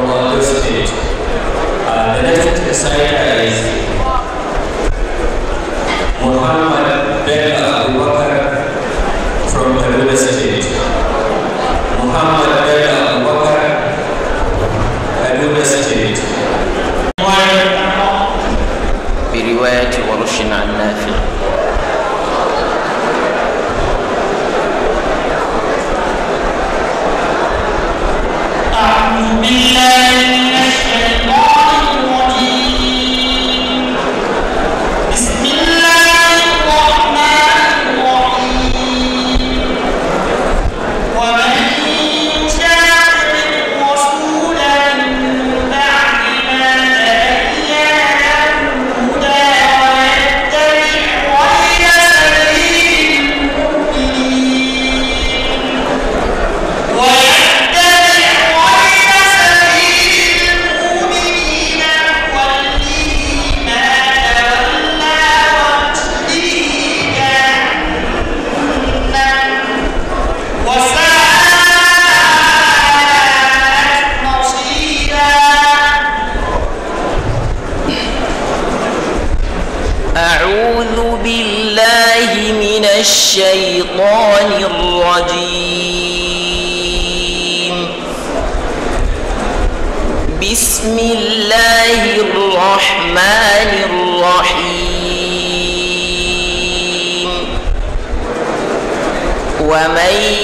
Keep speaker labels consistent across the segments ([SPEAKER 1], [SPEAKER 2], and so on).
[SPEAKER 1] from Ondo State. Uh, the next is Muhammad الشيطان الرجيم بسم الله الرحمن الرحيم ومن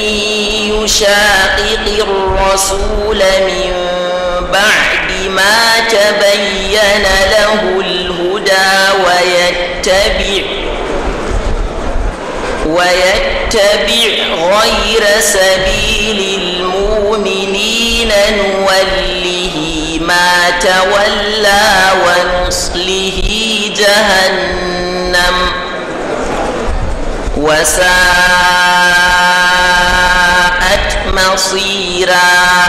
[SPEAKER 1] يشاقق الرسول من بعد ما تبين له الهدى ويتبع ويتبع غير سبيل المؤمنين نوله ما تولى ونصله جهنم وساءت مصيرا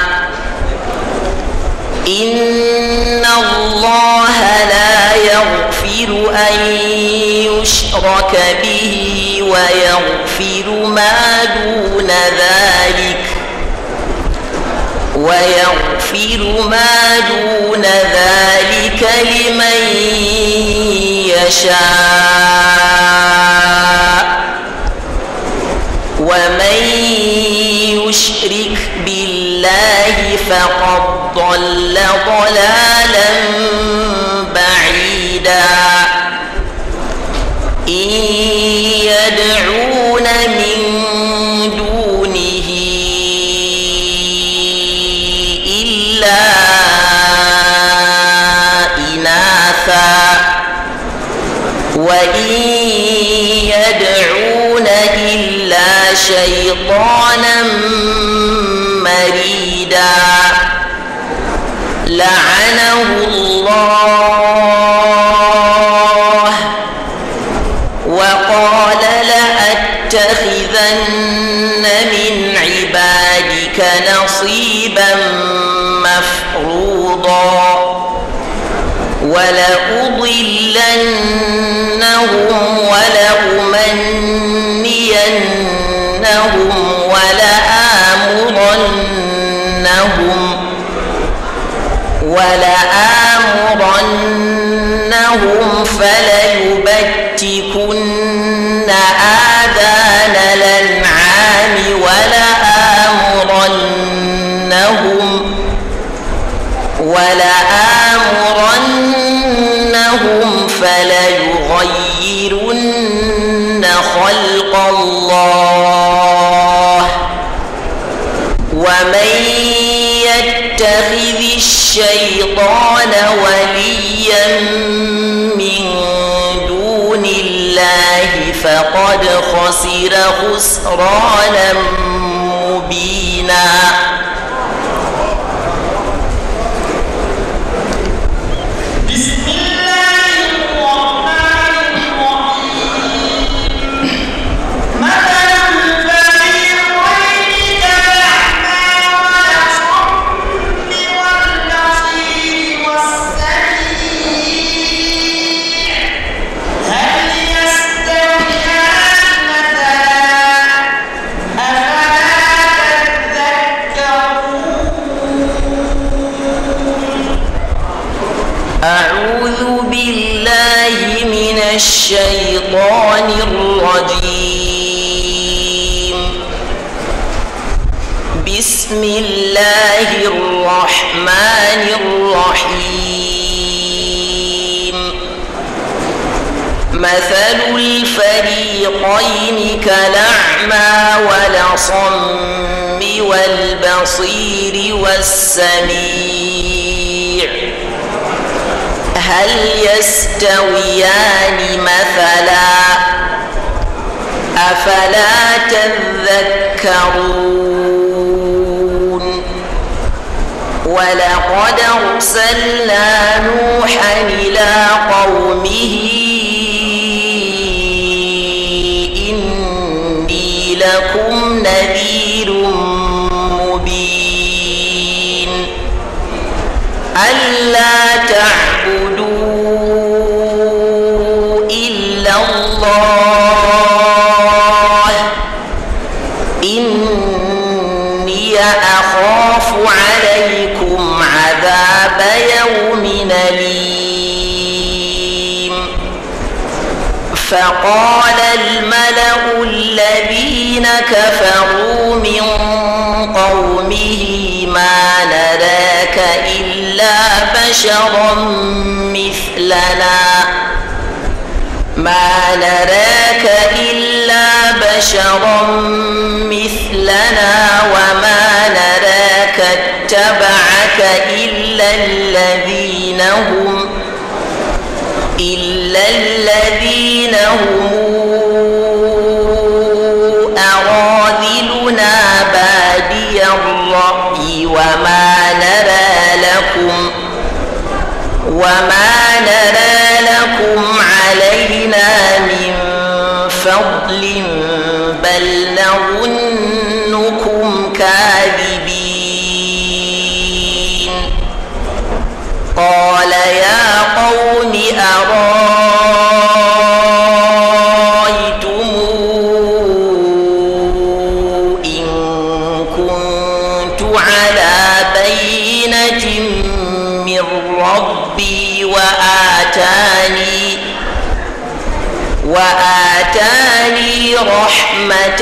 [SPEAKER 1] إن الله لا يغفر أن يشرك يشرك به ويغفر ما دون ذلك ويغفر ما دون ذلك لمن يشاء ومن يشرك بالله فقد ضل ضلالا شيطانا مريدا لعنه الله وقال لأتخذن من عبادك نصيبا مفروضا ولأضلن ولآمرنهم فليبتكن لخسران مبينا أعوذ بالله من الشيطان الرجيم بسم الله الرحمن الرحيم مثل الفريقين كالأعمى والأصم والبصير والسميع هل يستويان مثلا أفلا تذكرون ولقد أرسلنا نوحا إلى قومه الرجيم فقال الملأ الذين كفروا من قومه ما نراك إلا بشرا مثلنا ما نراك إلا بشرا مثلنا وما الذين هم إلا الذين هم أراذلنا بادي الرأي وما نرى لكم وما نرى لكم علينا من فضل آتاني وآتاني رحمة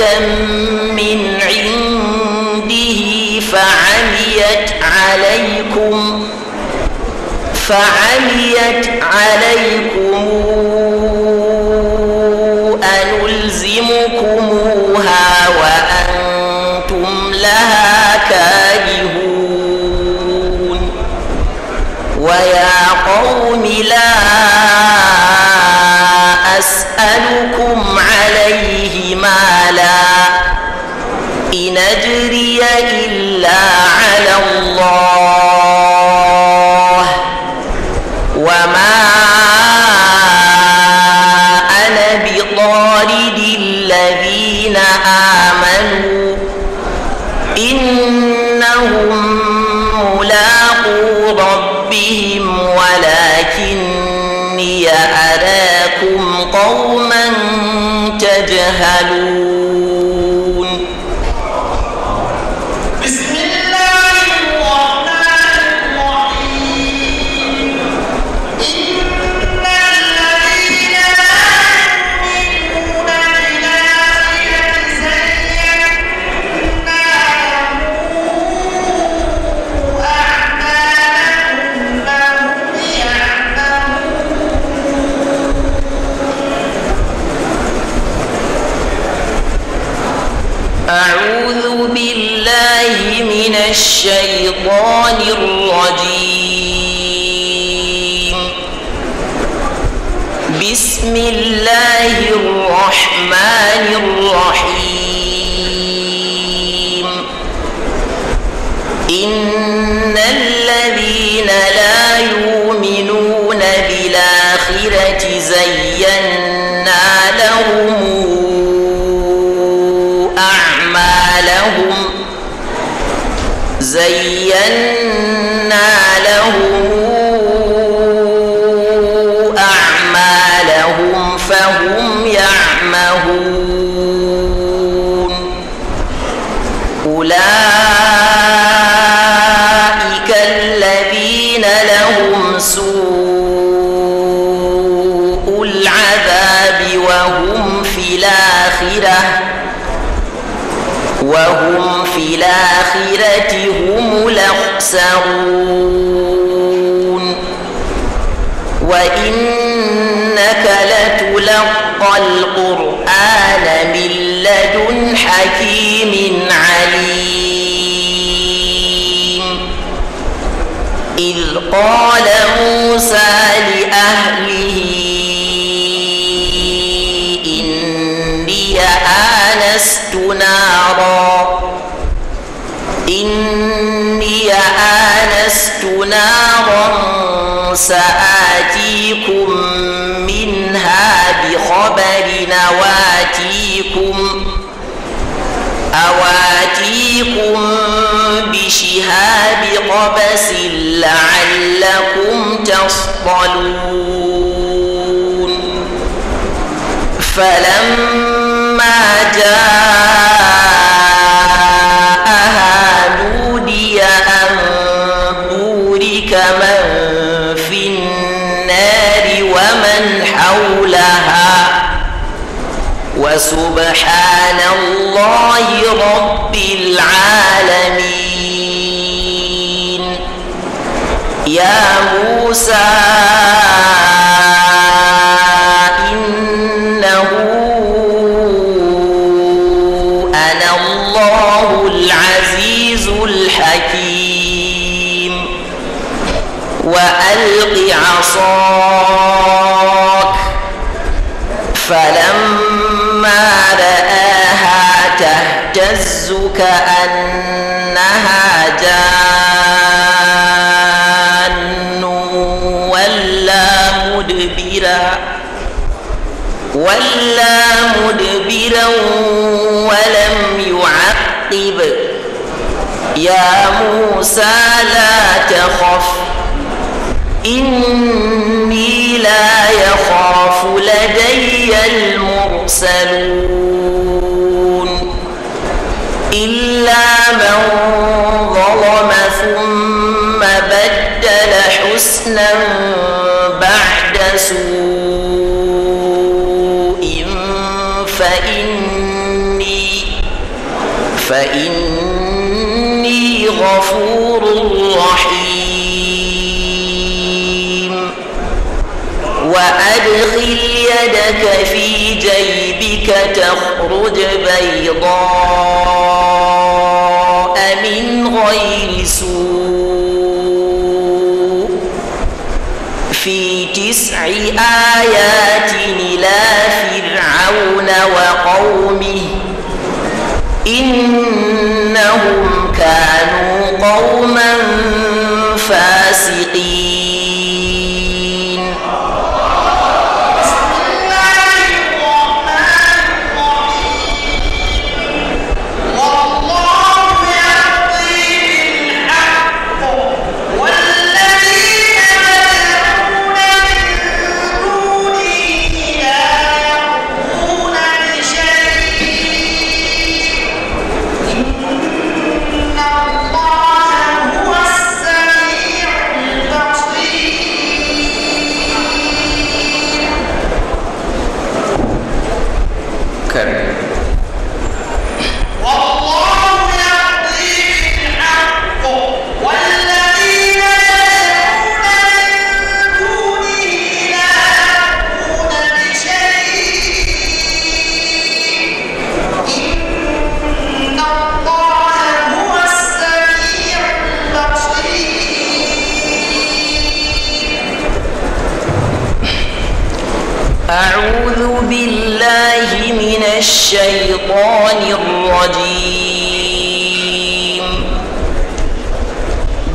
[SPEAKER 1] من عنده فعميت عليكم فعميت عليكم نجري إلا على الله إن الآخرة وهم في الآخرة هم الأخسرون وإنك لتلقى القرآن من لدن حكيم عليم إذ قال موسى لأهله نارا إني آنست نارا سآتيكم منها بخبر أواتيكم أواتيكم بشهاب قبس لعلكم تصطلون فلا حولها وسبحان الله رب العالمين يا موسى إنه أنا الله العزيز الحكيم وألق عصاك قليلا ولم يعقب يا موسى لا تخف إني لا يخاف لدي المرسلون فإني فإني غفور رحيم وأدخل يدك في جيبك تخرج بيضاء من غير سوء في تسع آيات قومه إن Ok. الشيطان الرجيم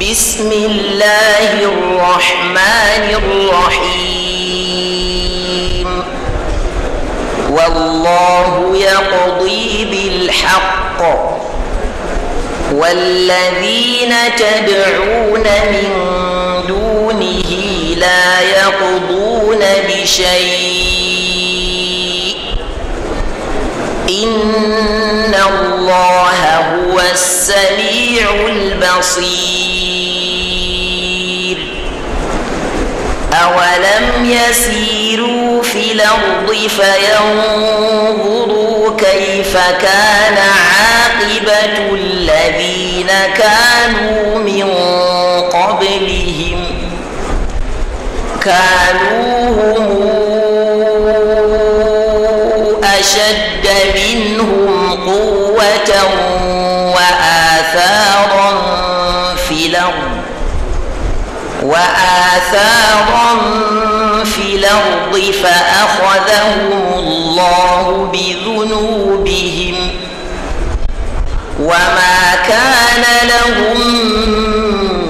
[SPEAKER 1] بسم الله الرحمن الرحيم والله يقضي بالحق والذين تدعون من دونه لا يقضون بشيء إن الله هو السميع البصير أولم يسيروا في الأرض فينظروا كيف كان عاقبة الذين كانوا من قبلهم كانوا آثارا في الأرض فأخذهم الله بذنوبهم وما كان لهم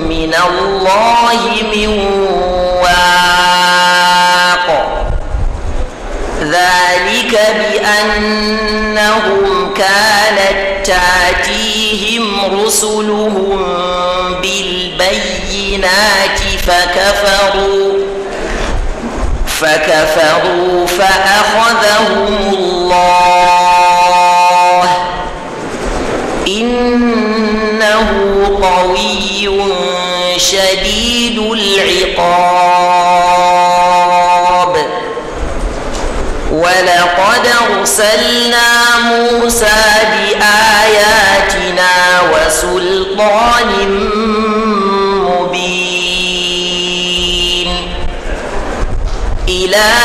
[SPEAKER 1] من الله كفروا فأخذهم الله إنه قوي شديد العقاب ولقد أرسلنا موسى بآياتنا وسلطان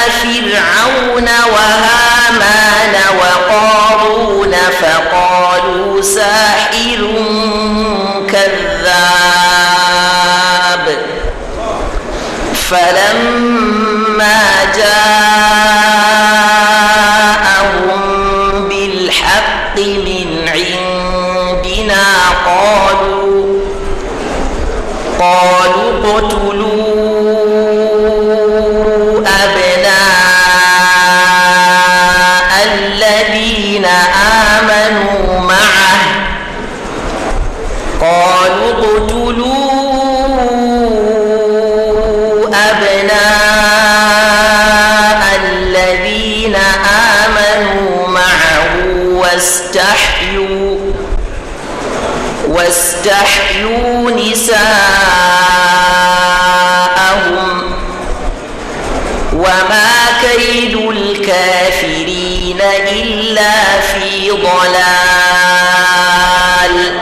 [SPEAKER 1] فرعون وهامان وقارون فقالوا ساحر كذاب فلما جاءهم بالحق من عندنا قالوا قالوا اقتلوا ضلال